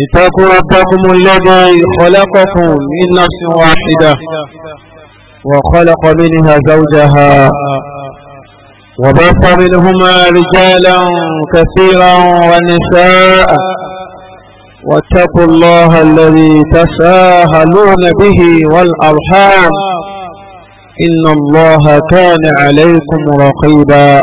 اتقوا ربكم الذي خلقكم من نفس واحدة وخلق منها زوجها وبص منهما رجالا كثيرا ونساء واتقوا الله الذي تساهلون به والأرحام إن الله كان عليكم رقيبا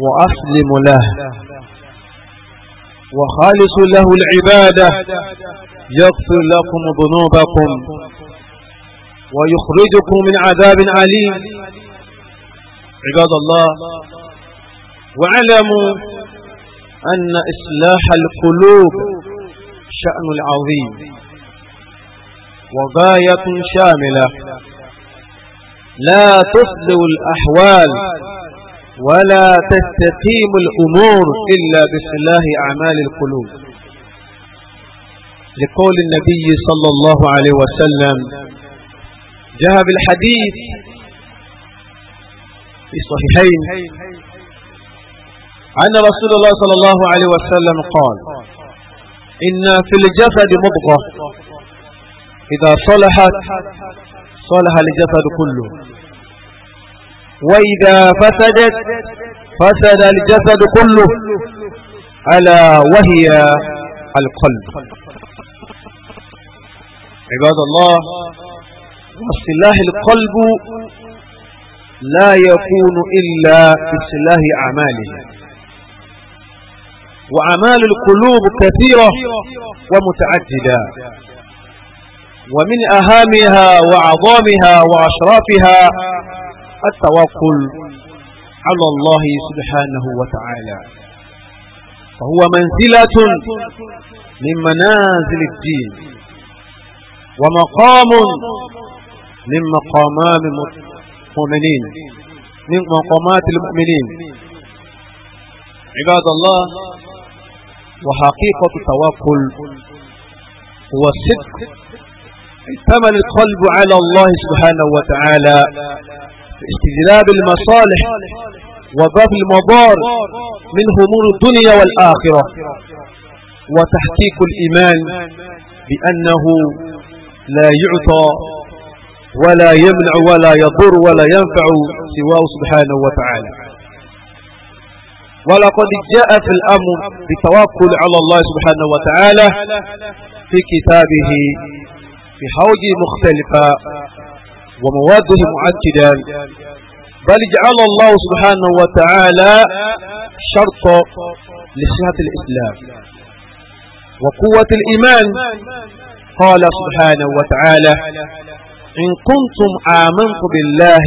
وأسلم له وخالص له العبادة يغفر لكم ذنوبكم ويخرجكم من عذاب عليم عباد الله واعلموا أن إصلاح القلوب شأن العظيم وغاية شاملة لا تصلح الأحوال ولا تستقيم الأمور إلا بصلاح أعمال القلوب لقول النبي صلى الله عليه وسلم جاء بالحديث في الصحيحين أن رسول الله صلى الله عليه وسلم قال إن في الجسد مضغة إذا صلحت صلح الجسد كله وإذا فسدت فسد الجسد كله ألا وهي القلب عباد الله واصلاح القلب لا يكون إلا باصلاح أعماله وأعمال القلوب كثيرة ومتعددة ومن أهامها وعظامها وأشرافها التوكل على الله سبحانه وتعالى فهو منزلة من منازل الدين ومقام من مقامات المؤمنين من مقامات المؤمنين عباد الله وحقيقة التوكل هو الصدق ثمن القلب على الله سبحانه وتعالى استجلاب المصالح وضرب المضار من همور الدنيا والآخرة وتحقيق الإيمان بأنه لا يعطى ولا يمنع ولا يضر ولا ينفع سواه سبحانه وتعالى ولقد جاء في الأمر بالتوكل على الله سبحانه وتعالى في كتابه في حوج مختلفة ومواده مؤكدا بل جعل الله سبحانه وتعالى شرط لصحة الإسلام وقوة الإيمان قال سبحانه وتعالى إن كنتم آمنتم بالله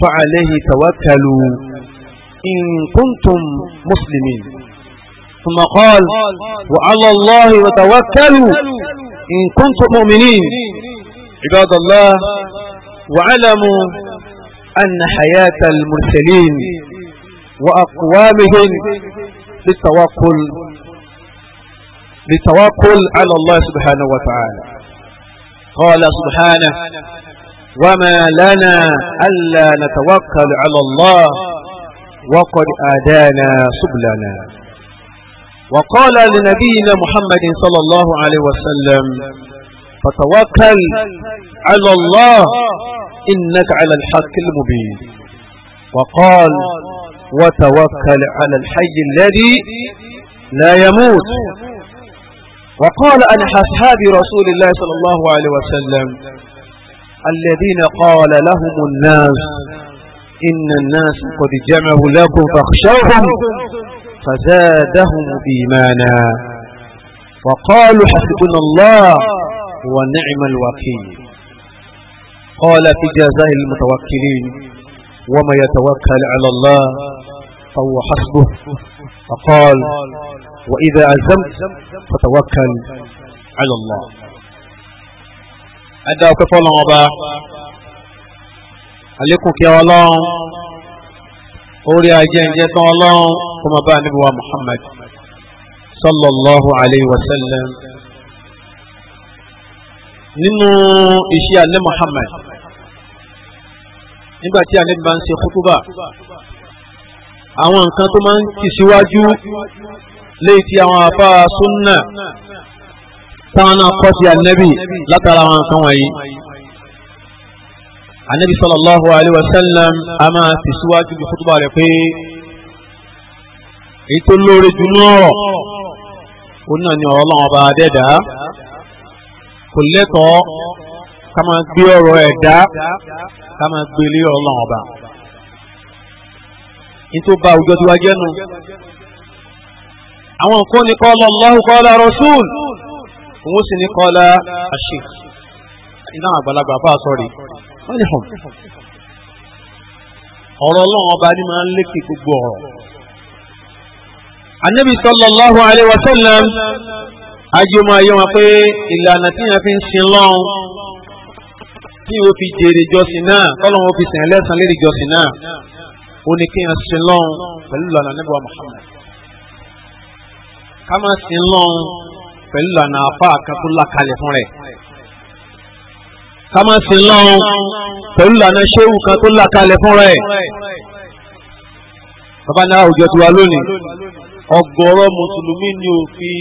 فعليه توكلوا إن كنتم مسلمين ثم قال وعلى الله وتوكلوا إن كنتم مؤمنين عباد الله وعلموا أن حياة المرسلين وأقوامهم للتوكل للتوكل على الله سبحانه وتعالى قال سبحانه وما لنا ألا نتوكل على الله وقد آدانا سبلنا وقال لنبينا محمد صلى الله عليه وسلم فتوكل على الله إنك على الحق المبين وقال وتوكل على الحي الذي لا يموت وقال عن أصحاب رسول الله صلى الله عليه وسلم الذين قال لهم الناس إن الناس قد جمعوا لكم فاخشوهم فزادهم إيمانا وقالوا حسبنا الله ونعم الوكيل قال في جزاء المتوكلين وما يتوكل على الله فهو حسبه فقال وإذا عزمت فتوكل على الله أدى كفل وضع عليكم يا الله أولي أجين جيت الله ثم بأنبوا محمد صلى الله عليه وسلم nínú iṣẹ́ alẹ́ Muhammad nígbà tí alẹ́ bá ń ṣe kútúbà àwọn nǹkan tó máa ń tì síwájú léyìí tí àwọn afá súnà táwọn náà kọ́ sí anabi látara àwọn nǹkan wọ̀nyí. anabi sallallahu alayhi wa sallam a máa tì síwájú bí kútúbà rẹ̀ pé èyí tó lóore jù náà ó náà ní ọ̀rọ̀ ọlọ́run ọba adẹ́dàá. kò lẹ́tọ̀ọ́ ká máa gbé ọ̀rọ̀ ẹ̀dá ká máa gbé ilé ọba nítorí bá àwùjọ tí wàá àwọn nǹkan Allahu kọ́lá rasul òun sì ní kọ́lá àṣì iná àgbàlagbà fáà ọ̀rọ̀ ọba ni máa ń lékè gbogbo ọ̀rọ̀. ajé máa yé wọn pé ìlànà tí yẹn fi ń sin lọ́hùn tí yóò fi jèrè jọ́sìn náà kọ́lọ́hún fi sìn ẹlẹ́sàn lérí jọ́sìn náà ó ní kí yẹn sin lọ́hùn pẹ̀lú ìlànà nígbà Muhammad ká máa sin lọ́hùn pẹ̀lú ìlànà apá àkàkú làkàlẹ̀ fún rẹ̀ ká máa sin lọ́hùn pẹ̀lú ìlànà ṣéwù kan tó làkàlẹ̀ fún rẹ̀ bàbá náà àwùjọ tiwa lónìí ọ̀gọ̀rọ̀ mùsùlùmí ni òfin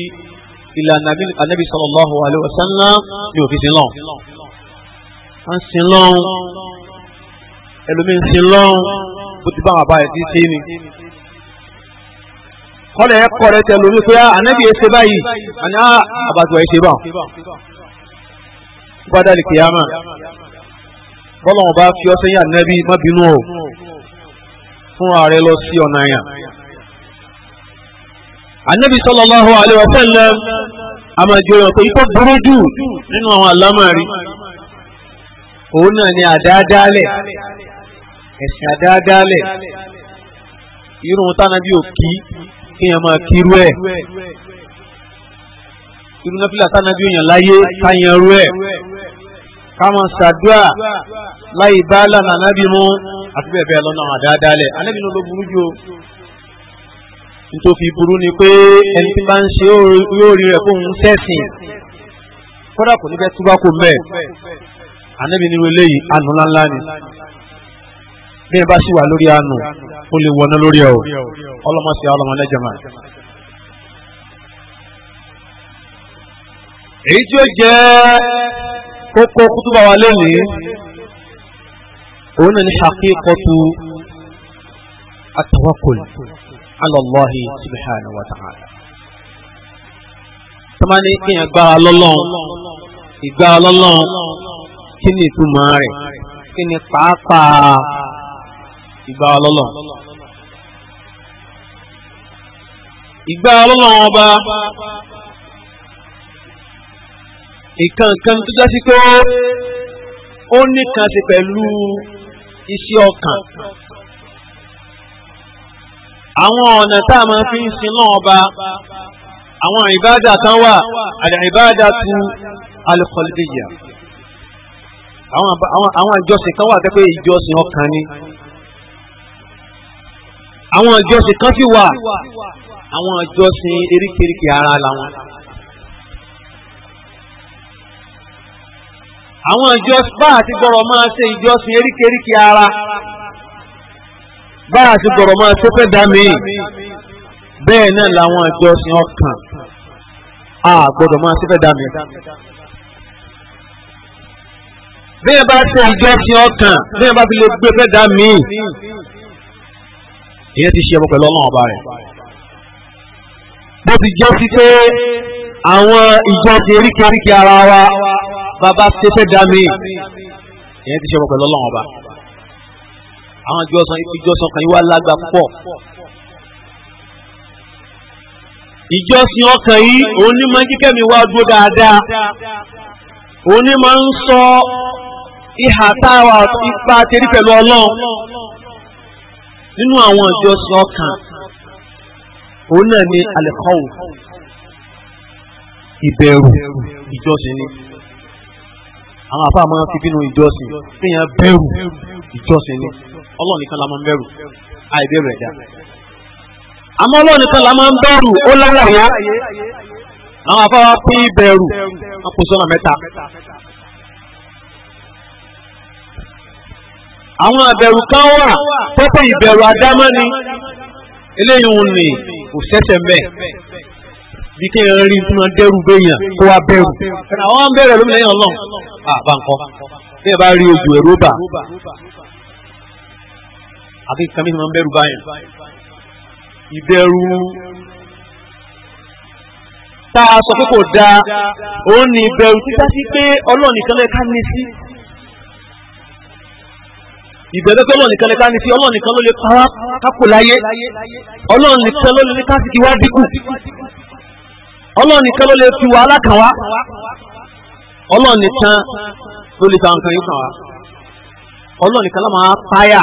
ìlànà anábì sallallahu alaihi wasallam ní òfin sin lọ́n. a ń sin lọ́n ẹlòmíín sin lọ́n bó ti bá àwọn àbáyé ti ṣe ni. kọ́lẹ̀ ẹ̀ kọ́ rẹ̀ tẹ lórí pé anábì ah, ẹ̀ ṣe báyìí àní ah, àbàtúwà ẹ̀ ṣe bá. gbọ́dá lè kíyàmá bọ́lọ́wọ́n bá fi ọsẹ́ yà nẹ́bí má bínú o fún ààrẹ lọ sí ọ̀nà àyà. Ànábì sallallahu alaihi wa sallam àmàjọyọ̀ pé ikọ́ burú jù nínú àwọn àlámàrí òun náà ni àdáadáalẹ̀ ẹ̀sìn àdáadáalẹ̀ irun tánàbí òkí kéèyàn máa kírú ẹ̀ irun náfìlà tánàbí òyàn láyé káyanrú ẹ̀ káwọn ṣàdúà láì bá lànà nábì mú àti bẹ́ẹ̀ bẹ́ẹ̀ lọ́nà àdáadáalẹ̀ alẹ́ mi ló burú jù o nítòfi burú ni pé ẹni tí bá ń ṣe yóò rí rẹ̀ fóun sẹ́sìn kódà kò ní fẹ́ túbá kò mẹ́ẹ̀ ànábì nínú eléyìí àánú ńláńlá ni bí ẹ bá sì wà lórí àánú ó lè wọná lórí ẹ o ọlọmọsí ọlọmọ èyí tí ó jẹ́ kókó kútúbà wa lónìí òun náà ní haqiqatu at ala Allahi subhanahu wa ta'ala. Tọ́mání kéèyàn gba lọ́lọ́run, ìgbà lọ́lọ́run, kí ni ìtumọ̀ rẹ̀? Kí ni pàápàá ìgbà lọ́lọ́run? Ìgbà lọ́lọ́run ọba ìkankan tó jásí pé ó nìkan ṣe pẹ̀lú iṣẹ́ ọkàn àwọn ọ̀nà tá a máa fi ń sin náà ọba àwọn ìbáàdà tán wà àlìbáàdà tu alùpàlùdíyà àwọn ìjọsìn kan wà pé ìjọsìn ọkàn ni àwọn ìjọsìn kan sì wà àwọn ìjọsìn eríkèríkè ara làwọn. àwọn ìjọsìn bá àti gbọ́rọ̀ máa ṣe ìjọsìn eríkèríkè ara bá a ti gbọ̀rọ̀ máa ṣe fẹ́ dá mi bẹ́ẹ̀ náà làwọn ìjọsìn ọkàn a gbọ́dọ̀ máa ṣe fẹ́ dá mi. bí ẹ bá ṣe ìjọsìn ọkàn bí ẹ bá fi lè gbé fẹ́ dá mi ìyẹn ti ṣe ẹ̀mọ́ pẹ̀lú ọlọ́run ọba rẹ̀. bó ti jẹ́ sí pé àwọn ìjọsìn eríkèéríkèé ara wa bàbá ṣe fẹ́ dá mi ìyẹn ti ṣe ẹ̀mọ́ pẹ̀lú ọlọ́run ọba rẹ̀ àwọn ìjọsìn kan yìí wá lágbà púpọ̀ ìjọsìn ọkàn yìí òun ní máa ń kíkẹ́ mi wá dúró dáadáa òun ní máa ń sọ ìhà táwa ipa tẹ̀lé pẹ̀lú ọlọ́run nínú àwọn ìjọsìn ọkàn òun náà ni alẹ́kọ̀ọ́ ìbẹ̀rù ìjọsìn ni àwọn àfáà máa ń fi bínú ìjọsìn fihàn bẹ̀rù ìjọsìn ni ọlọ́run nìkan la máa ń bẹ̀rù àìbẹ̀rù ẹ̀dá àmọ́ ọlọ́run nìkan la máa ń bẹ̀rù ó lálàyé àwọn afáwá pín ìbẹ̀rù wọn kò sọ́nà mẹ́ta. àwọn àbẹ̀rù kan wà pẹ́pẹ́ ìbẹ̀rù àdámọ́ ni eléyìí ń nì kò sẹ́sẹ̀ mẹ́ bí kí n rí tí wọ́n dẹ́rù béèyàn kó wá bẹ̀rù. àwọn bẹ̀rẹ̀ lómìnira yẹn lọ bí ẹ bá rí ojú ẹ̀rú bà àti kàmí ti máa ń bẹ̀rù báyìí ìbẹ̀rù tá a sọ pé kò dáa òun ni ìbẹ̀rù títà sí pé ọlọ́run nìkan lẹ́ka ní sí ìbẹ̀rù pé ọlọ́run nìkan lẹ́ka ní sí ọlọ́run nìkan ló lè para kápò láyé ọlọ́run nìkan ló lè ká sí wá dínkù ọlọ́run nìkan ló lè fi wàhálà kàn wá ọlọ́run nìkan ló lè fa nǹkan yìí kàn wá ọlọ́run nìkan ló máa páyà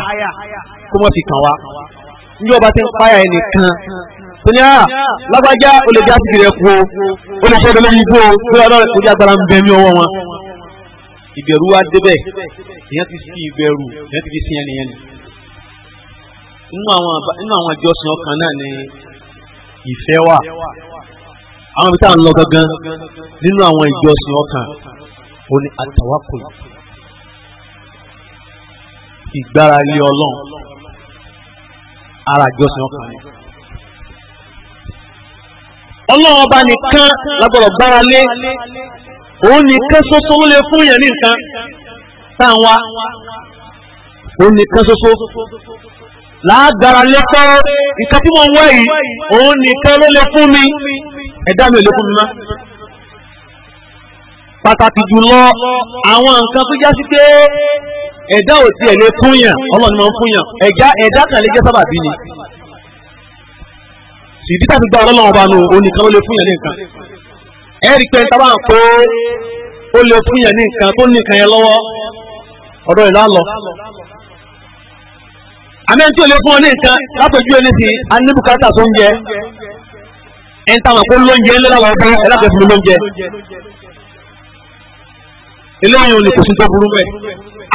kó mọ̀ fi kàn wá níbi ọba ti ń páyà ẹnìkan tó ní à lágbájá ó lè já kú ó lè ṣẹ́ lórí ọlọ́run ń bẹ ní ọwọ́ wọn. ìbẹ̀rù wa débẹ̀ ìyẹn ti fi ìbẹ̀rù ìyẹn ti sin ẹnìyẹn ni. nínú àwọn àjọsìn ọkàn náà ni ara àjọsìn ọkàn ni. ọlọ́run ọba nìkan lágbọ́dọ̀ gbára lé òun nìkan ṣoṣo ló lè fún yẹn ní nǹkan tá à ń wá òun nìkan ṣoṣo láàgbára lẹ́kọ́ nǹkan tí mo ń wá yìí òun nìkan ló lè fún mi ẹ̀dá mi ò lè fún mi má. pàtàkì jùlọ àwọn nǹkan tó já sí pé ẹ̀dá ò tiẹ̀ lè fúnyàn ọlọ́run máa ń fúnyàn ẹ̀dá ẹ̀dá kan lè jẹ́ sábàbí ni ìdí tàbí gba ọlọ́run ọba nù onìkan ló lè fúnyàn ní nǹkan ẹ̀rí pé níta bá ń pé ó lè fúnyàn ní nǹkan tó ní nǹkan yẹn lọ́wọ́ ọ̀dọ̀ ìlà lọ. àmì ẹni tí ò lè fún ọ ní nǹkan látọ̀jú ẹni sí anibukata tó ń jẹ ẹni táwọn kó lóúnjẹ ńlẹ́ láwọn ọgbẹ́ ẹ láti fún mi lóúnjẹ. eléyìí ò lè kò sí tó burú bẹ́ẹ̀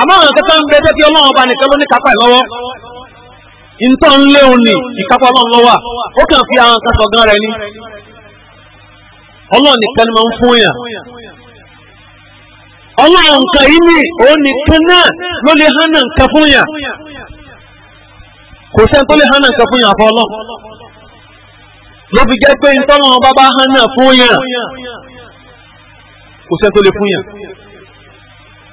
àmọ́ àwọn kẹta ń bẹ jẹ́ kí ọlọ́run ọba nìkan ló ní kápá ẹ̀ lọ́wọ́ ìtọ́ ń léun ni ìkápá ọlọ́run lọ́wọ́ ó kàn fi àwọn kan sọ̀gán rẹ̀ ni ọlọ́run nìkan ni máa ń fún yàn ọlọ́run nǹkan yìí ni òun nìkan náà ló lè hánà nǹkan fún yàn kò sẹ́ni tó lè hánà nǹkan fún yàn àfọ́ ọlọ́run ló fi jẹ́ pé ìtọ́lọ́run bá bá hánà fún yàn kò sẹ́ni tó lè fún yàn.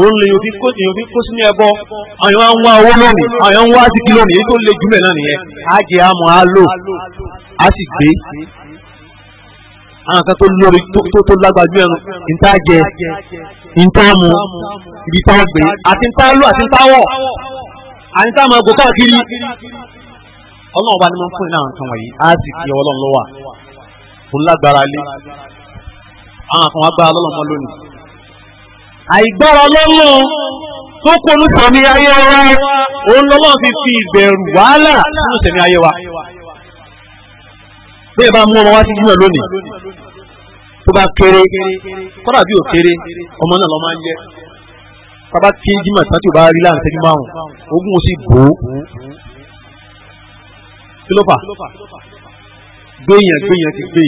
òun lè yòókì kó èyàn fi kó sínú ẹbọ àyàn ń wá owó lónìí àyàn ń wá síkì lónìí èyí tó le jùlọ náà nìyẹn á jẹ àmọ́ á lò á sì gbé àwọn kan tó lórí tó tó lágbàjú ẹnu níta jẹ níta mu ibi tá a gbé àti níta lò àti níta wọ àti níta máa gbó káàkiri ọlọ́run bá ní mọ́ fún ìlànà kan wọ̀nyí á sì kí ọlọ́run lọ́wọ́ òun lágbára lé àwọn kan wá gbá ọlọ́run mọ́ lónìí àìgbọ́ra ọlọ́run tó kónú sẹ̀mí ayé wa òun lọ́lọ́ fi fi ìbẹ̀rù wàhálà nínú sẹ̀mí ayé wa. bẹ́ẹ̀ bá mú ọmọ wá sí júmọ̀ lónìí tó bá kéré kọ́dà bí ò kéré ọmọ náà lọ́ máa ń jẹ́ bàbá tí jimọ̀ tán tí ò bá rí láàrin sẹ́jú márùn ogún ó sì bò ó kí ló fà gbéyàn gbéyàn ti gbé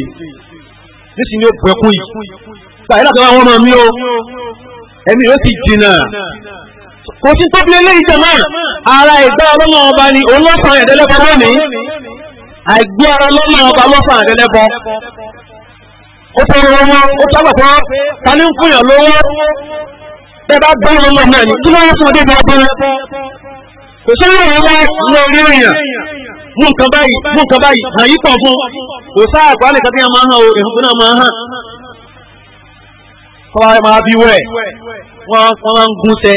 nísìnyí ó bọ̀ ẹkún yìí gbà yìí láti wá wọn mọ̀ mí o ẹ̀mí yóò sì jìnnà kò sí tó bílé léyìí jẹ̀mọ́ ara ìgbà ọlọ́mọ ọba ni olóòsàn ẹ̀dẹ́lẹ́bọ lónìí àìgbé ara ọlọ́mọ ọba lọ́sàn ẹ̀dẹ́lẹ́bọ ó tọrọ ọmọ ó tọrọ pọ́ ta ní ń fúnyàn lówó bẹ́ẹ̀ bá bá ọmọ náà ní kí ló ń fún ọdẹ bá bá kò sọ́wọ́ ọmọ lórí èèyàn mú nǹkan báyìí mú nǹkan báyìí hàn fún kò sáà àgbálẹ̀ tọ́wọ́ máa bí wẹ̀ wọ́n máa ń gúnṣẹ́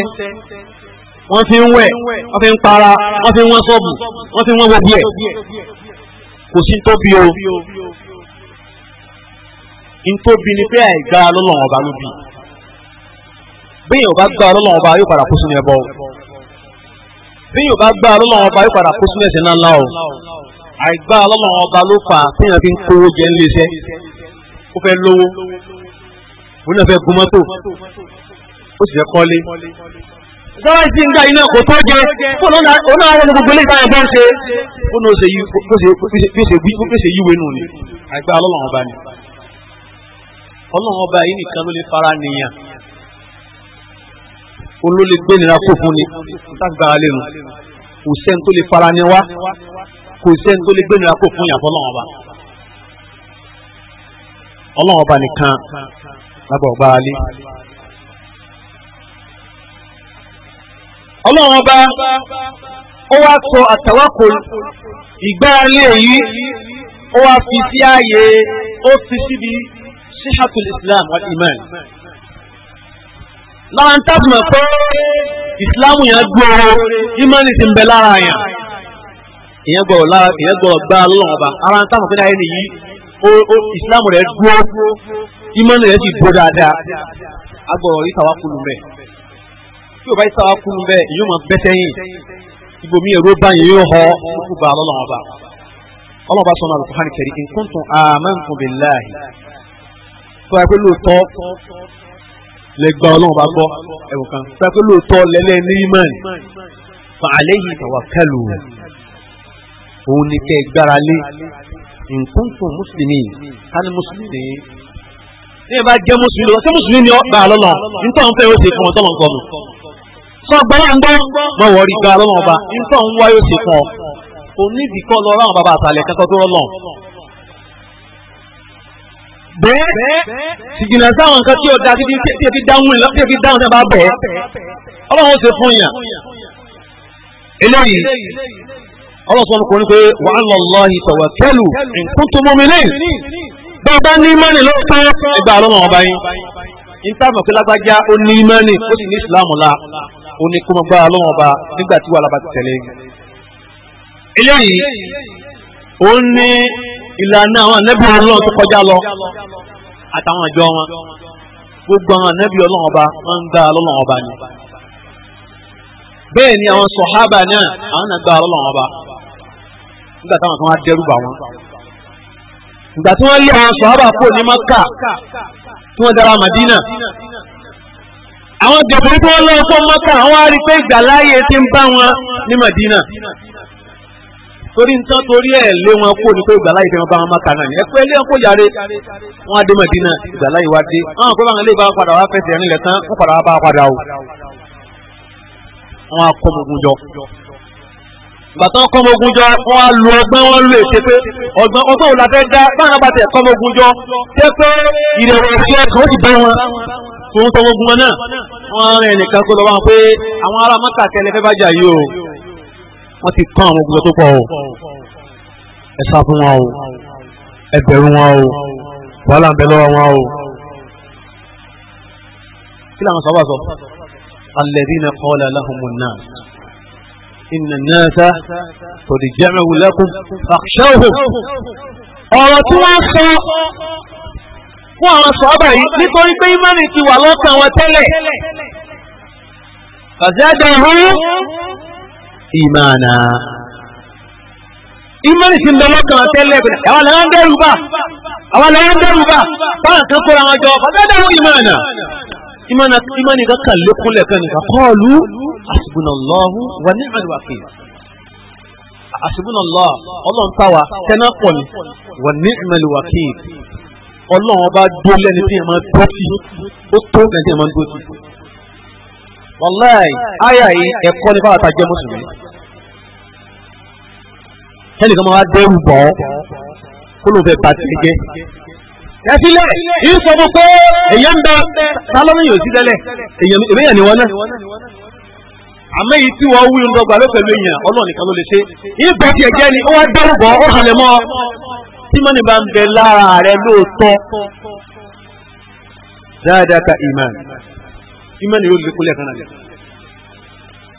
wọ́n fi ń wẹ̀ wọ́n fi ń para wọ́n fi ń wọ́n sọ́ọ̀bù wọ́n fi ń wọ́n gbogbo ẹ̀ kò sí tó o ntóbi ni pé àìgbà lọ́lọ́wọ́n ọba ló bí bá lọ́lọ́wọ́n ọba yóò padà kó sínú ẹbọ bíyìn ò bá lọ́lọ́wọ́n ọba yóò òun náà fẹ́ gun mọ́tò ó sì fẹ́ kọ́lé. Ìjọba ìsìn ń gbà iná kò tó jẹ fún ọ̀nà àwọn gbogbo ilé ìtàn ẹ̀gbọ́n ṣe. Ó ní ó ṣe yíwe nù ni, àìpé ọlọ́run ọba ni. Ọlọ́run ọba yìí nìkan ló lè fara nìyàn. Òun ló lè gbé nira kó fún ni, tágbára lẹ́nu. Kò sẹ́ni tó lè fara ni wá, kò sẹ́ni tó lè gbé nira kó fún yàtọ̀ ọlọ́run ọba. Ọlọ́run ọba nìkan lábọ̀ ọgbà alẹ́. ọlọ́run ọba ó wá sọ àtàwákòl ìgbáralé èyí ó wá fi sí ààyè ó fi síbi síhàtúl islam wal iman. lára ń tàbùmọ̀ pé ìsìláàmù yẹn gbòòrò ìmánì ti ń bẹ lára yẹn ìyẹn gbọ́ ìyẹn gbọ́ gbá lọ́wọ́ ọba ara ń tàbùmọ̀ pé náà nìyí ìsìláàmù rẹ̀ dúró ìmọ̀nà rẹ̀ sì gbó dáadáa agbọ̀rọ̀ yìí tàwa bẹ́ẹ̀ o bá yìí tàwa bẹ́ẹ̀ èyí máa bẹ́ sẹ́yìn ibòmí ẹ̀rọ báyìí yóò họ kókó bá ọlọ́run ọba ọlọ́run ọba sọ̀rọ̀ àlùkò hàn kẹrì tó a pé lóòótọ́ lẹ ọlọ́run ọba gbọ́ kan tó a pé lóòótọ́ lẹ́lẹ́ ní imán ní ẹ bá jẹ́ mùsùlùmí lọ sí mùsùlùmí ni ọ gbà lọ́lọ́ nítorí wọn fẹ́ yóò ṣe fún ọ tọ́lọ̀ nǹkan mu. sọ gbọ́dọ̀ ń gbọ́ mọ wọ̀rí gbà lọ́lọ́ ọba nítorí wọn wá yóò ṣe fún ọ. kò ní ìdíkọ́ lọ ráwọn bàbá àtàlẹ̀ kẹ́kọ́ tó rọ́lọ́. bẹ́ẹ̀ ìjìnà sáwọn nǹkan tí ó da títí tí èfi dáhùn tí èfi dáhùn náà bá bẹ̀ ọlọ́run ó ṣe fún yàn. eléyìí ọlọ́run sọ tó bá ní mọ́nì ló pé ìgbà ọlọ́run ọba yín ní táàmù pé lágbájá ó ní mọ́nì ó sì ní ìsìlámù la ó ní kó mọ gbá ọlọ́run ọba nígbà tí wàhálà bá ti tẹ̀lé yín. eléyìí ó ní ìlànà àwọn ànábì ọlọ́run tó kọjá lọ àtàwọn àjọ wọn gbogbo àwọn ànábì ọlọ́run ọba wọn ń gbá ọlọ́run ọba ni bẹ́ẹ̀ ni àwọn sọ̀hábà náà àwọn náà gbá ọlọ́run ọba nígbà táwọn kan wá dẹ́rù bà wọn ìgbà tí wọ́n lé àwọn sọ̀hábà kò ní maka tí wọ́n dára Madina àwọn gẹ̀bùrú tí wọ́n lọ́wọ́ fún maka àwọn á rí pé ìgbàláyè ti ń bá wọn ní Madina torí ń tán torí ẹ̀ lé wọn kó ní pé ìgbàláyè fi wọn bá wọn maka náà ni ẹ pé lé wọn kó yàrá wọn á dé Madina ìgbàláyè wá dé àwọn àkọ́bà wọn lè bá wọn padà wá fẹsẹ̀ rìn lẹ̀ tán wọn padà wá bá wọn padà o wọn á kọ́ gbogbo jọ bàtàn kọ́mọ ogun jọ wọ́n á lu ọgbọ́n wọn lè ṣe pé ọgbọ́n ọgbọ́n òun la fẹ́ dá báwọn náà bá tẹ̀ kọ́mọ ogun jọ tẹ́ pé ìrẹ̀wẹ̀sì ọkàn ó ti bá wọn tó ń tọ́wọ́ ogun wọn náà wọ́n rìn nìkan kó lọ wọn pé àwọn ará mọ́ta kẹlẹ́ fẹ́ bá jà yìí o wọ́n ti kán àwọn ogun tó pọ̀ o ẹ sá fún wọn o ẹ bẹ̀rù wọn o wàhálà ń bẹ lọ́wọ́ wọn o kí làwọn sọ wà sọ alladhina qala lahumun nas inna an-nasa qad jama'u lakum fakhshawhum ọ̀rọ̀ tí wọ́n sọ fún àwọn sọ́ọ́bà yìí nítorí pé ìmánì ti wà lọ́kàn wọn tẹ́lẹ̀ fazadahum imana ìmánì ti ń bẹ lọ́kàn wọn tẹ́lẹ̀ àwọn lẹ́yìn dẹ́rù bá àwọn lẹ́yìn dẹ́rù bá báwọn kan kóra wọn jọ fazadahum imana ìmọ̀nà ìmọ̀nì kankan lékún lẹ́kàn nìkan kọ́ọ̀lù àṣìbùnàlọ́hù wà ní àdùn àfẹ́ àṣìbùnàlọ́ ọlọ́run táwa tẹ́ná pọ̀ ni wà ní ìmọ̀lùwàkì ọlọ́run ọba dó lẹ́ni tí ẹ̀ máa dó sí ó tó lẹ́ni tí ẹ̀ máa dó sí. wàláì àyà yìí ẹ̀kọ́ ní fáwọn àtàjẹ́ mùsùlùmí tẹ́lẹ̀ kan máa dẹ́rù bọ̀ ọ́ kẹsílẹ̀ yìí sọ fún pé èyàn ń bẹ sálọ́mù yóò sí tẹ́lẹ̀ èyàn ni wọ́n náà àmọ́ èyí tí wọ́n wúlò ń dọ́gba ló pẹ̀lú èyàn ọlọ́run nìkan ló lè ṣe ìbẹ̀ tí ẹ̀jẹ̀ ni ó wá dárúbọ ó halẹ̀ mọ́ tí bá ń bẹ lára rẹ lóòótọ́ dáadáa ka iman iman yóò lè kúlẹ̀ kan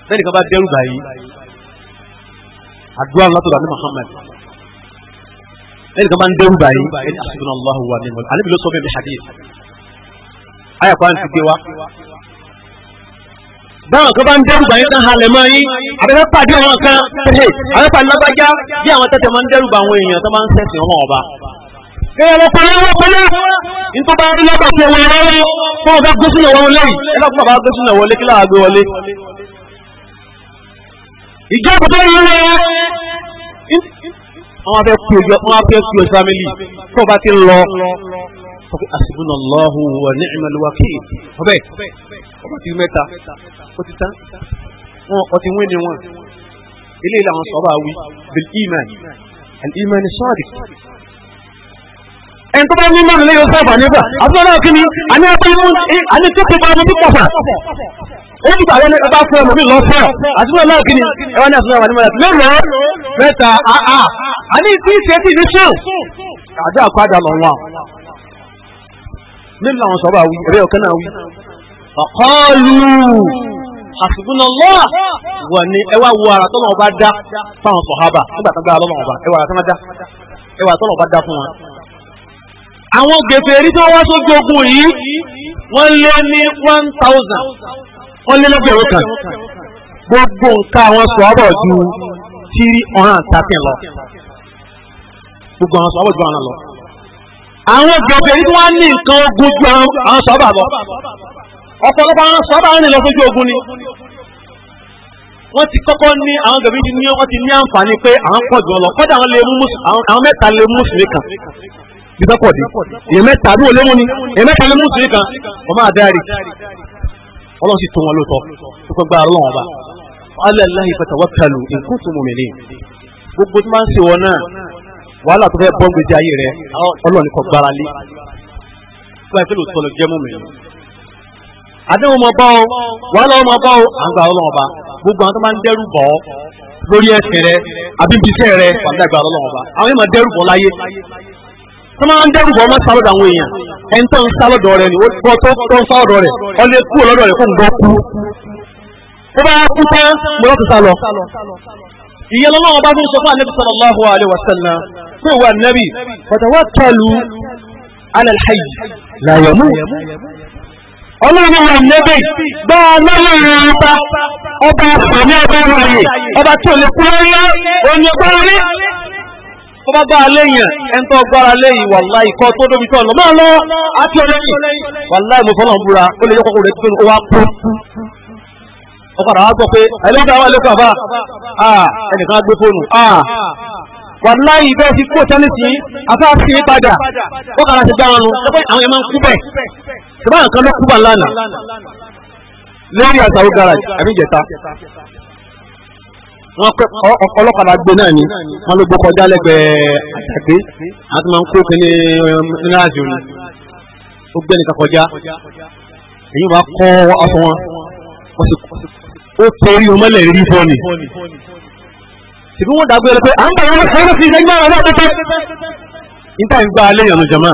lẹ́nìkan bá dẹ́rù báyìí àdúrà látọ̀dọ̀ àní Muhammad ẹnì kan máa ń dẹ́rù báyìí ẹni àṣìbùnà allahu wa nínú alẹ́ mi ló sọ fún mi hadith ayé àpá ti gbé wa. báwọn kan bá ń dẹ́rù báyìí tán halẹ̀ mọ́ yín àbẹ́fẹ́ pàdé àwọn kan tẹ̀lé àbẹ́fẹ́ pàdé lágbájá bí àwọn tẹ̀tẹ̀ máa ń dẹ́rù bá àwọn èèyàn tó máa ń sẹ̀sìn wọn ọba. ẹ̀yà lọ pẹ̀lú wọn pẹ̀lú nítorí bá rí lọ́gbà wọn lọ́wọ́ fún ọgá gbósùnà wọn lẹ́yìn ẹ̀ka fún bàbá gbósùnà wọlé kí láàgbé wọlé. ìjọba tó ń wọ́n fẹ́ kí ojú wọ́n fẹ́ kí ojú family tó bá ti lọ sọ́kè àṣìbùnà lọ́hùn wà ní ìmọ̀lúwàkì ọbẹ̀ ọba ti mẹ́ta ó ti tán wọn ọtí wí ni wọn ilé ìlànà sọ́ba wí bil iman al iman sọ́ọ̀dì. ẹn tó bá ní mọ́nà lẹ́yìn ọ̀sán àbáníbà àbúrò náà kí ni àní àpéyìmú àní tó pépà ọmọ pípọ̀ fà ó ní ìgbàlẹ́ nípa bá fún ọmọ mi lọ́fẹ́ àti wọn náà kíni ẹwà ní àtúnyàwó ní mọ̀lẹ́sì lónìí mẹ́ta àá a ní tí ìṣe tí ìlú sùn àdá àkọ́jà lọ wọn. nínú àwọn sọ́ba wí eré ọ̀kẹ́ náà wí. ọ̀kọ́ọ̀lù hasbunallah wà ní ẹwà wo ara tọ́lọ̀ ọba dá fáwọn sọ̀hábà nígbà tó gbára lọ́lọ́ ọba ẹwà ara tọ́lọ̀ dá ẹwà tọ́lọ̀ ọba dá fún wọn. àwọn gèfèrí tí wọ́n wá sójú ogun yìí wọ́n lé ní one thousand wọ́n lé lọ́gbẹ̀rún kan gbogbo nǹkan àwọn sọ̀rọ̀ ju tírí ọ̀ràn tàpín lọ gbogbo àwọn sọ̀rọ̀ ju ọ̀ràn lọ. àwọn gbọ̀gbẹ̀ yìí wọ́n á ní nǹkan ogun ju àwọn sọ̀rọ̀ lọ ọ̀pọ̀lọpọ̀ àwọn sọ̀rọ̀ àwọn ènìyàn lọ́sọ́jú ogun ni wọ́n ti kọ́kọ́ ní àwọn gbẹ̀bí ti ní wọ́n ti ní àǹfààní pé àwọn pọ̀ jù lọ kọ́dà àwọn lè mú àwọn mẹ́ta lè mú sùn kan bí bá pọ̀ dé èèyàn mẹ́ta àdúgbò lé mú ni èèyàn mẹ́ta lè mú sùn kan ọmọ àdáyàrí ọlọ́run sì tó wọn lóòótọ́ nípa gba ọlọ́run ọba alẹ́láhi fatawakalu nǹkan tó mú mi ní gbogbo tí máa ń ṣe wọn náà wàhálà tó fẹ́ bọ́ǹgbè di ayé rẹ ọlọ́run kò gbára lé fúlàní tó lò sọ lọ jẹ́ mú mi ní. àdéhùn ọmọ bá ọ wàhálà ọmọ bá ọ à ń gba ọlọ́run ọba gbogbo àwọn tó máa ń dẹ́rù bọ̀ lórí ẹ̀sìn rẹ àbí ibiṣẹ́ rẹ wàhálà ìgbà ọlọ́run ọba àwọn yóò máa dẹ́rù bọ̀ láyé tó máa ń dẹ́rù bọ́ ọmọ sálọ́dọ̀ àwọn èèyàn ẹni tó ń sálọ́dọ̀ rẹ̀ ni ó gbọ́ tó tó ń sálọ́dọ̀ rẹ̀ ọ lè kú ọlọ́dọ̀ rẹ̀ kó ń gbọ́ kú. ó bá kú tán mo lọ́ọ́ ti sá lọ. ìyẹn lọ́nà ọba tó ń sọ fún anabi sallallahu alayhi wa sallam pé ìwà nabi watawakkalu ala al-hayy la yamut ọlọ́run wà níbẹ̀ gbọ́ ọlọ́run ọba ọba àfààní ọba ìwàyè ọba tó lè kú lọ́wọ́ òní ọgbọ́n rí tó bá gbára ẹni tó gbára lẹ́yìn tó dóbi tó ọ̀nà máa lọ àti ọlẹ́yìn wàláì mo búra ó lè yọkọ̀ rẹ̀ tó wá kú. ọ̀padà wá gbọ́ pé ẹlẹ́gbẹ́ àwọn àbá gbé fóònù ah, bẹ́ẹ̀ ti kó afáàfin padà ó ti dáhùn àwọn ẹ̀mọ́ ń kú bẹ̀ ṣùgbọ́n àǹkan kú bà lánàá lórí àtàwọn wọ́n pẹ́ ọlọ́kadà gbé náà ni wọ́n ló gbó kọjá lẹ́gbẹ̀ẹ́ àtàgbé àti máa ń kó kí ní ìrìnàjò ni ó gbé nìkan kọjá èyí wàá kọ́ afọ wọn ó torí wọn mọ́lẹ̀ rí bọ́ ni ṣùgbọ́n wọ́n dàgbé rẹ pé à ń bẹ̀rẹ̀ wọn fẹ́rẹ́ sí ẹgbẹ́ wọn náà pẹ́pẹ́ níta ń gba alẹ́ ìyànnú jama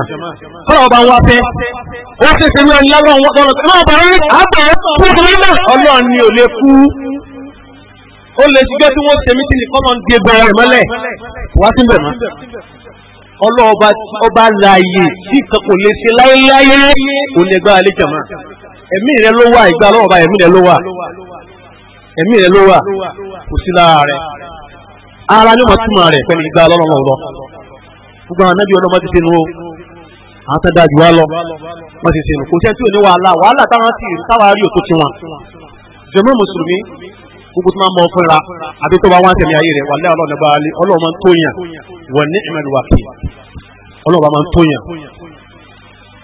kọ́lá ọba wa fẹ́ wọ́n ṣe ṣe ní ọlọ́run wọn lọ́nà ọlọ́run ni ò lè kú ó lè ṣígbẹ́ tí wọ́n ṣe mí tìlì kọ́ máa ń di egbò rẹ̀ mọ́lẹ̀ wá síbẹ̀ mọ́. ọlọ́ọba ọba láàyè tí kan kò lè ṣe láéláé kò lè gba àlejò mọ́. ẹ̀mí rẹ ló wà ìgbà ọlọ́ọba ẹ̀mí rẹ ló wà ẹ̀mí rẹ ló wà kò sí lára rẹ. ara ni wọ́n túmọ̀ rẹ̀ pẹ̀lú ìgbà ọlọ́run lọ. gbogbo àwọn anábì ọlọ́mọ ti sinú àwọn tó dájú wá lọ wọ́n ti sinú kò sẹ́ńtì òní wàhálà wàhálà táwọn sì táwọn arí òtútù wọn. jọmọ mùsùlùmí gbogbo tí wọ́n mọ̀ fúnra àbí tó bá wọ́n tẹ̀lé ayé rẹ̀ wàlẹ́ ọlọ́run bá wálé ọlọ́run máa ń tóyàn wọ̀ ní ìmọ̀lú wa kì ọlọ́run bá máa ń tóyàn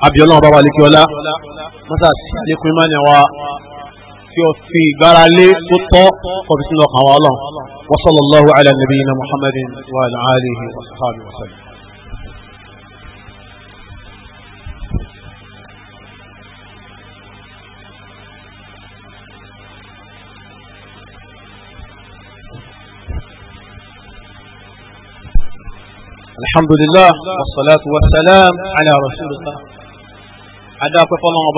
àbí ọlọ́run bá wálé kí ọlá mọ́tà sí àlékún ìmánìyà wa tí ó fi ìgbára lé tó tọ́ kọ̀bí sínú ọkàn wa ọlọ́run wa sallallahu ala nabiyina muhammadin wa ala alihi wa sahbihi wa sallam. الحمد لله والصلاة والسلام على رسول الله أداك فالله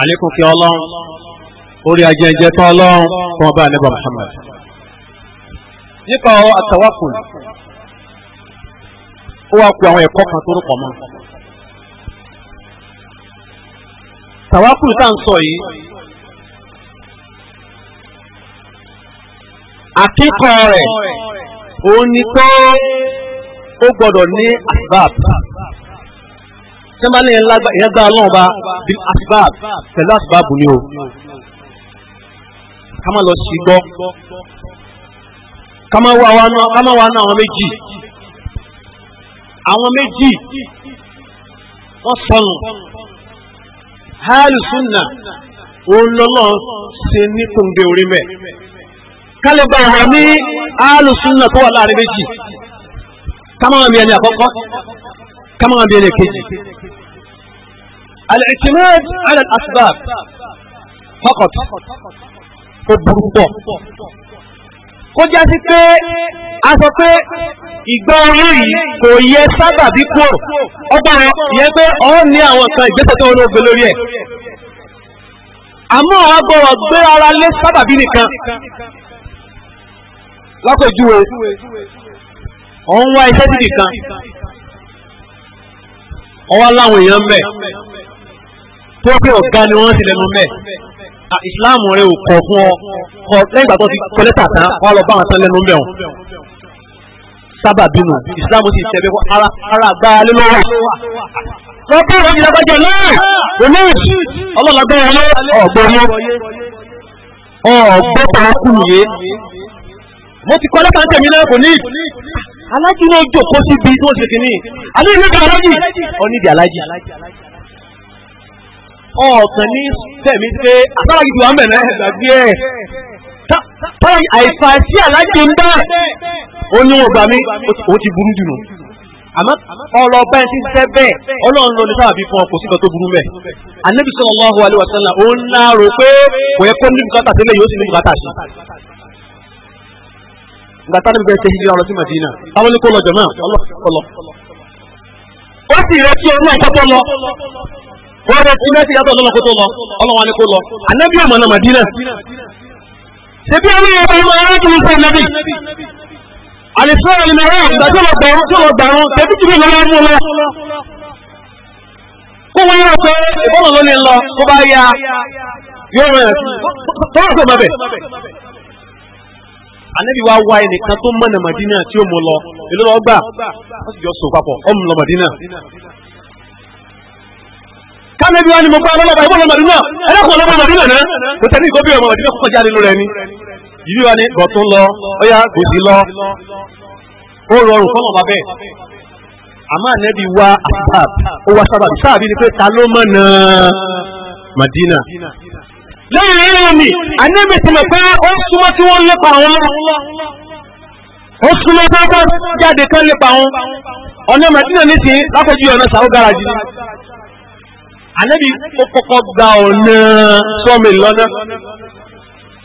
عليكم في الله orí ajẹ́jẹ́ tán lọ́rùn fún ọba àlẹ́bà Muhammad nípa ọ àtàwákùn ó wá ku àwọn ẹ̀kọ́ kan tó rúkọ mọ́ tàwákùn tá à ń sọ yìí àkíkọ rẹ̀ òun ni pé ó gbọ́dọ̀ ní asbab tẹ́mbà ní ìyẹn gbá ọlọ́run bá bí asbab pẹ̀lú asbab ni o ká má lọ sí gbọ́ ká má wá ná àwọn méjì àwọn méjì wọ́n sọnù hálù súnà òun ṣe ní kòǹde orí mẹ́ kálíbà wà ní hálù súnà tó wà láàrin méjì kámáwọn bíi ẹni àkọ́kọ́ kámáwọn bíi ẹni kejì. al-i'timad ala al-asbab faqat ó burú pọ̀ kó jásí pé a sọ pé ìgbà oyún yìí kò yẹ sábà bí kúrò ọgbọ́n yẹ pé ọ́ ní àwọn kan ìgbésẹ̀ tó ń gbé lórí ẹ̀ àmọ́ àwọn agbọ̀rọ̀ gbé ara lé sábàbí nìkan lápèjúwe ọ̀ ń wá iṣẹ́ tìrì kan ọwọ́ láwọn èèyàn ń bẹ̀ tó pé ọ̀gá ni wọ́n ti lẹ́nu mẹ́ islam rẹ ò kọ̀ fún ọ kọ lẹ́yìn ìgbà tó ti kọ lẹ́tà tán wọ́n lọ bá àwọn tán lẹ́nu mẹ́ wọn sábà bínú islam sì tẹ̀lé ara ara agbára lé lọ́wọ́ lọ́pọ̀ ìwọ́n ti lágbájọ lẹ́yìn olóòtú ọlọ́lágbára lé ọ̀gbọ́n yé ọ̀gbọ́n pàákù yé mo ti kọ́ lẹ́tà tẹ̀mí náà kò ní alájì ló jòkó síbi tó ṣe kìíní alẹ́ ìlú kan alájì ọ̀nìdì alájì ọ̀ọ̀kan ní tẹ̀mí pé àtàlájì ti wà mẹ́rin ẹ̀gbàgbé ẹ̀ tọ́lá àìsàn sí alájì ń bá ó ní wọn gbà mí ó ti burú jù nù àmọ́ ọ̀rọ̀ ọba ẹni tí ń fẹ́ bẹ́ẹ̀ ọlọ́run ló lè sábà bí fún ọ kò sí kan tó burú bẹ́ẹ̀ Ànábì sallallahu alaihi wasallam ó ń láàrò pé kò yẹ kó ní nga tani bẹ ṣe hijira lọ sí Madina àwọn ní kò lọ jọmọ ọlọ ọlọ. ó sì rẹ tí ọdún àkọ́kọ́ lọ wọ́n rẹ tí mẹ́sì yàtọ̀ lọ́nà kó tó lọ ọlọ́wà ní kó lọ ànábì àmọ́ na Madina. ṣebí àwọn yóò bá wọn rántí ní sẹ́yìn nàbì. àlìfẹ́ ìnáwó ìgbàjọ́ lọ gbà wọn tó lọ gbà wọn tẹ̀bí tìbí lọ́la mú lọ. kó wọ́n yóò pé ìbọn lọ́ni lọ kó bá yá yóò rẹ̀ tó anabi wa wá ẹnìkan tó mọ̀nà Madina tí ó mú lọ èló lọ gbà wọ́n sì jọ sùn papọ̀ ọmọ lọ Madina. kánabi wa ni mo bá ọlọ́ba ìbọn lọ Madina ẹlẹ́kùn ọlọ́ba Madina náà kò tẹ̀lé ìkọ́bí ọmọ Madina kọ́kọ́ jáde lórí ẹni. yìí wa ni gọ̀tún lọ ọyà gòsì lọ ó rọrùn fọlọ́ bá bẹ́ẹ̀ àmọ́ anabi wa asab ó wa sábàbí sábàbí ni pé ta ló mọ̀nà Madina lẹ́yìn ẹ̀yìn omi anẹ́bì ti mọ̀ pé ó súnmọ́ tí wọ́n lépa àwọn ó súnmọ́ tí wọ́n jáde kan lépa àwọn ọ̀nà màdínà ní ti lápẹ́jú ọ̀nà sàó gáràjì anẹ́bì ó kọ́kọ́ gba ọ̀nà sọ́mi lọ́nà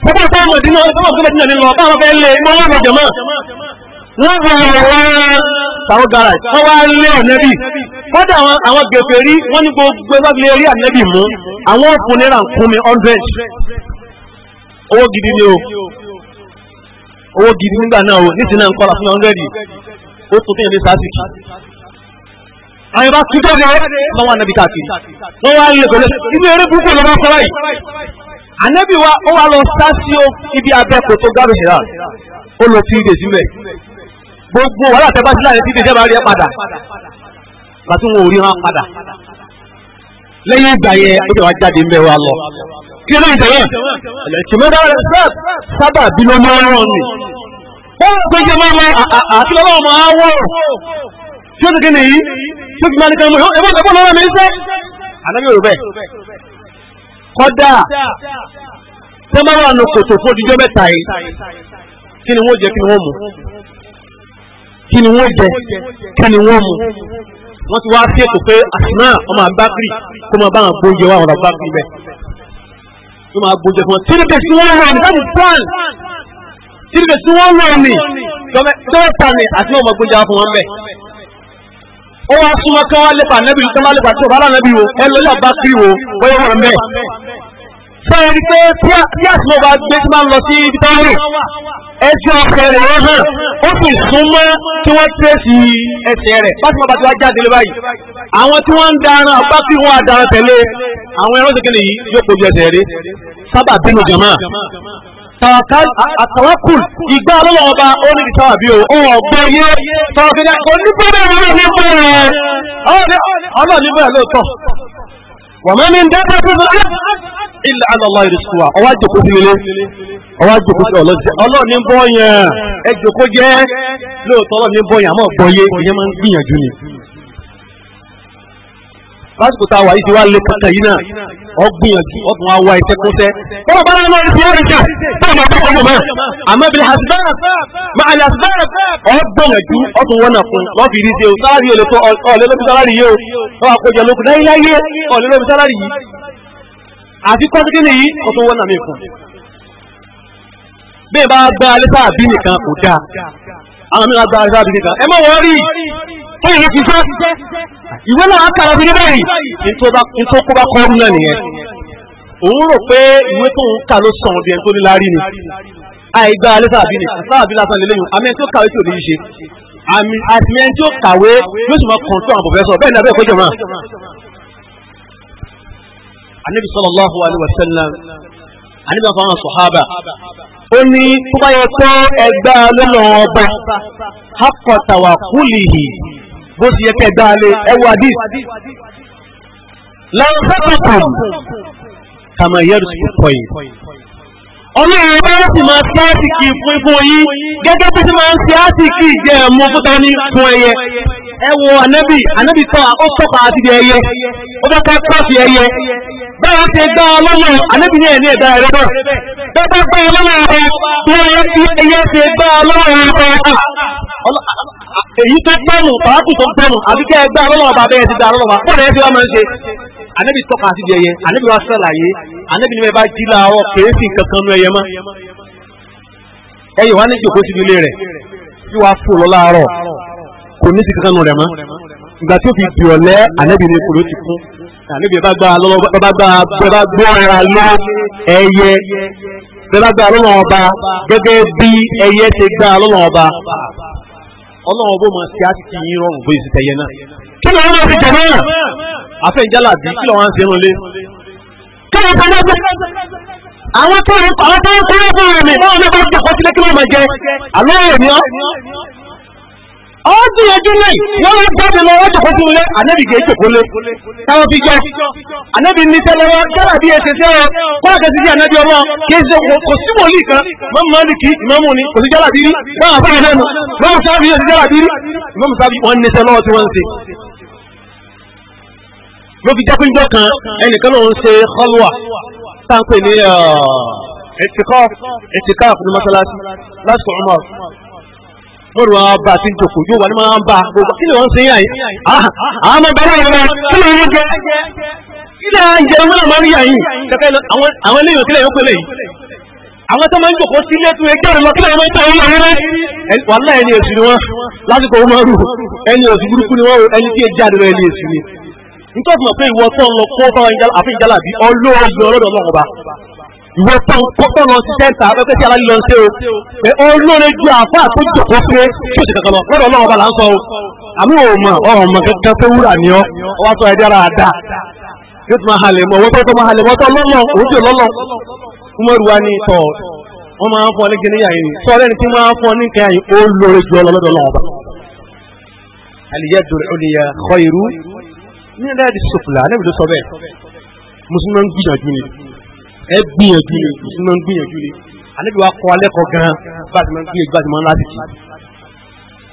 púpọ̀ tó màdínà ó sọ́mọ̀ tó màdínà nílọ báwọn fẹ́ lé mọ́ wọn jọ̀mọ́ wọ́n kọ́dà àwọn gẹ̀fẹ̀ rí wọ́n ní gbogbo ẹgbẹ́ rí ànẹ́bì mú àwọn òfin náírà ń kún mi owó gidi ni o owó gidi nígbà náà o ní na nkọ́ra fún hundred ó tún fún yẹn ní ànẹ́bì káàkiri wọ́n wá lè inú eré lọ ibi gbogbo wàhálà tẹ bá sí láàrin títí ìjọba rí ẹ padà bàtú wọn ò rí wọn padà lẹ́yìn ìgbà yẹn ó jẹ wá jáde ńbẹ wa lọ kí ló ń tẹ̀lé ẹ̀lẹ́tìmọ́dá sábà bí ló máa ń rán ni wọ́n ń gbẹ́jẹ́ máa ma àti lọ́wọ́ máa wọ̀ tí ó ti kéde yìí tí ó ti máa ní kánmọ́ ẹ̀fọ́ ìgbàgbọ́ lọ́wọ́ mi ń sẹ́ ànábì òrò bẹ́ẹ̀ kọ́dà tẹ́mọ́rọ̀ àná kòtò fún ìdíjọ́ mẹ́ta yìí kí ni wọ́n jẹ kí ni wọ́n mú kí ni wọ́n jẹ kí ni wọ́n mu wọ́n ti wá ṣètò pé àsìná ọmọ àbákiri kó máa bá àwọn gbóúnjẹ wa ọ̀rọ̀ àbákiri bẹ́ẹ̀ ló máa gbóúnjẹ fún wọn tí níbi tí wọ́n wà ní káàmù plan tí níbi tí wọ́n wà ní dọ́kítà ni àti wọn máa gbóúnjẹ wa fún wọn bẹ́ẹ̀. ó wá súnmọ́ kí wọ́n lépa nẹ́bí kí wọ́n lépa tí ọ̀bá lánàbí wo ẹ lọ́lẹ́ àbákiri wo wọ́n yẹ wọn bẹ́ẹ̀. sọ ẹsẹ̀ ọ̀fẹ́ rẹ̀ wọ́n hàn ó súnmọ́ wọ́n ẹsẹ̀ rẹ̀ wá jáde àwọn tí wọ́n ń apá kí wọ́n tẹ̀lé àwọn ẹran tó kéde yìí yóò kojú ẹsẹ̀ rẹ̀ sábà bínú ọba ó ní ti sábà bí o ó gbọ́ yé tọ́kẹ́dá onígbọ́dọ̀ ní ọwọ́ àjòkó jẹ́ ọlọ́jẹ́ ọlọ́ọ̀ni ń bọ́ yẹn ẹ jòkó jẹ́ lóòótọ́ ọlọ́ọ̀ni ń bọ́ yẹn àmọ́ gbọ́yé ìyẹn máa ń gbìyànjú ni. lásìkò tá a wà yìí ti wá lé kàkà yìí náà ọ gbìyànjú ọkùn wa wá iṣẹ́ kúnṣẹ́. bọ́lá bá lọ́wọ́ ti wọ́n ìjà báwo máa tọ́kọ̀ mọ́ àmọ́ bí hasbẹ́rẹ̀ máa lè hasbẹ́rẹ̀ ọ gbìyànjú ọkùn wọn nà fún wọn fi rí ṣe o sálárì yóò lè tó ọ̀lẹ́lẹ́bí sálárì yìí o wọn àkójọ lókun láyé láyé ọ̀lẹ́lẹ́bí sálárì yìí àti kọ́síkì nìyí ọkùn bẹ́ẹ̀ bá gbá alẹ́sà àbí nìkan kò dáa àwọn mìíràn gbá alẹ́sà àbí nìkan ẹ mọ̀ wọ́n rí fún ìlú ti fẹ́ ìwé náà kára bí níbẹ̀ yìí nítorí kó bá kọ́ ọ́rùn náà nìyẹn òun rò pé ìwé tó ń kà ló sàn ọ̀dẹ̀ tó ní lárí ni àìgbá alẹ́sà àbí nìkan sáà àbí lásán lélẹ́yìn àmì ẹni tó kàwé tí ò ní í ṣe àmì ẹni tó kàwé yóò sì máa kàn tó àwọn pòfẹ́sọ̀ bẹ́ẹ̀ ni abẹ́ ìkọ́jọ́ náà. Ànábì sallallahu alaihi wasallam àníbà fáwọn sọ̀hábà ó ní tó bá yẹ tó ẹgbà lọ́lọ́wọ́ ọba hápọ̀tàwà kúlìhì bó ti yẹ kẹgbà lé ẹwà dì lọ́wọ́ sẹ́kọ̀kùn kàmà yẹ́rù sí ọlọ́run yóò sì máa ṣe fún ikú yí gẹ́gẹ́ bí ti máa ń ṣe àsìkì jẹ́ ẹ̀mú fúta ní fún ẹyẹ ẹ tọ́ ó tọ́pa àti di ẹyẹ ó bá ká pàṣẹ ẹyẹ báwa ti gbá ọlọ́run ànábì ní ẹ̀ní ẹ̀dá ẹ̀rọ náà bẹ́ẹ̀ bá gbá ọlọ́run ọ̀rọ̀ tó yẹ kí ẹyẹ gbá ọlọ́run èyí tó tó àbíkẹ́ ẹgbẹ́ anabi tọ́ka àti di ẹyẹ anabi wa sàlàyé anabi ni bá jí làárọ̀ kèéfì kankan nu ẹyẹ mọ́ ẹyẹ wa ní jòkó síbi ilé rẹ̀ tí wàá fò lọ láàárọ̀ kò ní ti kankan nu rẹ̀ mọ́ ìgbà tí ó fi bì ọ̀lẹ́ anabi ni kò ló ti kú anabi bá gba lọ́wọ́ bá gba bá gbọ́ ẹ̀ra lọ ẹyẹ bá gba lọ́wọ́ ọba gẹ́gẹ́ bí ẹyẹ ti gba lọ́wọ́ ọba ọlọ́wọ́ bó máa ṣe á ti yín rọrùn bó yìí ti tẹ̀yẹ náà kí ni wọ́n máa fi jẹ̀mọ́ náà àfẹ́ ìjálà bí kí lọ́wọ́ ń ṣe rúnlé. kí ni wọ́n máa àwọn tó ń kọ́ ọ́ fún ẹ̀mí báwọn mẹ́ta ń pàkọ́ sílé kí wọ́n máa jẹ àlọ́ ẹ̀mí ọ́ ó gbìyànjú lẹ́yìn wọ́n lọ jáde lọ wọ́n jòkó fún ilé ànábì kìí jòkó lé táwọn fi jẹ́ ànábì ní tẹ́lẹ̀wọ́ jára bí ẹsẹ̀ sí ọ̀rọ̀ kọ́lá kẹsì sí ànábì ọmọ kìí ṣe kò sí wòlíì kan mọ́mú mọ́lì kìí ìmọ̀mù ni kò sí jára bí rí wọ́n àfáà náà nù wọ́n sábì yóò sí jára bí rí ìmọ̀mù sábì wọ́n ní sẹ́ lọ́wọ́ tí wọ́n ń ṣe. ló fi jápé ìjọ kan ẹnìkan náà ń ṣe kọ́lùwà táǹpẹ̀ ní ẹ̀tìkọ́ ẹ̀tìkọ́ àfúnimọ́sálásí lásìkò ọmọ lórí wọn bá ti ń jòkó yóò wà ní máa ń bá gbogbo kí ni wọ́n ń sẹ́yìn àyè ah, àwọn ọmọ bàbá yẹn máa kí ni wọ́n jẹ kí ni à ń jẹ wọn máa ń yà yìí kẹkẹ àwọn eléyìí kílẹ̀ yóò pélé yìí àwọn tó máa ń jòkó sí ilé tó yẹ kí àwọn ọmọ kílẹ̀ máa ń tà wọn máa ń rẹ wàhálà ẹni èsì ni wọn lásìkò wọn máa rù ẹni òsì burúkú ni wọn ẹni tí èjì àdúrà ẹni èsì ni nítorí mọ̀ pé ìwọ tó ń lọ kó fáwọn àfi ìjálàbí ọlọ́ọ̀gbìn ọlọ́dọ̀ ọlọ́ọ̀ba ìwé kọ́kọ́ lọ sí sẹ́ńtà pẹ́pẹ́ sí aláàlú lọ sí o pé ó lóore ju jòkó tí ti lọ lọ́dọ̀ o àmì ò mọ̀ ọ̀hún mọ̀ kankan pé wúrà ni ọ́ ọ wá sọ ẹ dára àdá yóò ti máa halẹ̀ mọ́ owó tó tó máa lọ́lọ́ òun tọ̀ wọ́n máa ń fọ ní kíní lẹ́ni tí máa ń fọ ní ẹ gbìyànjú ni ìsìn máa ń gbìyànjú ni àlejò wa kọ́ alẹ́ kọ́ gan-an bá a ti máa ń gbìyànjú bá a ti máa ń láti jì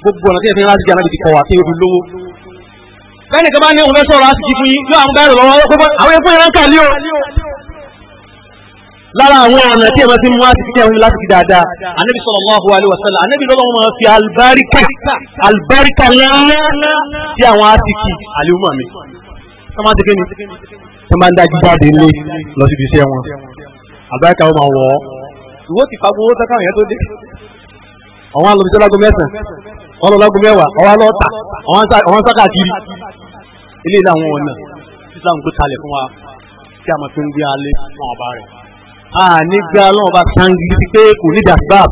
gbogbo ọ̀nà tí ẹ fi ń láti jì alábi ti kọ̀ wá sí ewu lówó. bẹ́ẹ̀ni kí n bá ní òun fẹ́ sọ̀rọ̀ láti jì fún yín yóò àwọn báyìí lọ́wọ́ gbogbo àwọn ẹ̀fọ́ yẹn ránkà lé o. lára àwọn ọ̀nà tí ẹ máa ti mú láti jì kẹ́hìn láti jì dáadáa anabi sallallahu alaihi wasallam anabi lọ́wọ́ máa fi alibarika alibarika ńlá tí àwọn á ti kì àlè tí wọ́n máa ń dájú jáde lé lọ síbi iṣẹ́ wọn àbáríkà ó máa wọ̀ ọ́ ìwọ ti fagbọn owó sẹ́kàn yẹn tó dé ọ̀wọ́n àlọ́ bíṣẹ́ mẹ́sàn-án wọ́n lọ lágún mẹ́wàá ọ̀wọ́n àlọ́ ọ̀tà ọ̀wọ́n kiri ilé ilé àwọn ọ̀nà Islam gbé kalẹ̀ fún wa tí a máa fi ń gbé alẹ́ fún ọba rẹ̀ a ní gbé alọ́ ọba sangi sí pé kò ní dasbab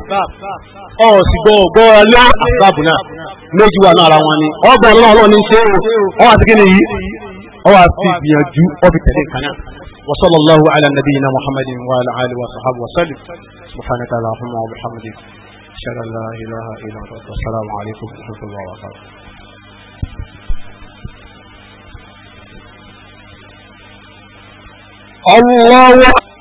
ọ̀sì gbọ́ ọgbọ́ alẹ́ àbábù náà méjì wà náà ara wọn ni ọgbà ọlọ́run ní ni وصلى الله على نبينا محمد وعلى آله وصحبه وسلم سبحانك اللهم وبحمدك أشهد أن لا إله إلا أنت السلام عليكم ورحمة الله وبركاته الله